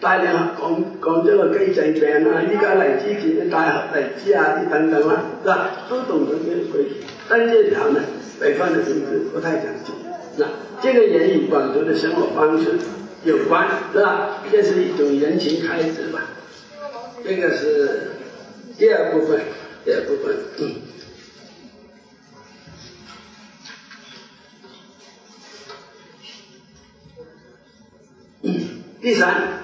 大量擴擴張個機制病啊！依家嚟積極的大合嚟之啊啲等啊，是吧，都懂得這個規矩，但這行呢，北方的飲食不太講究，那這個也與廣州的生活方式有關，是吧？這是一種人情開支吧，這個是第二部分，第二部分，嗯嗯、第三。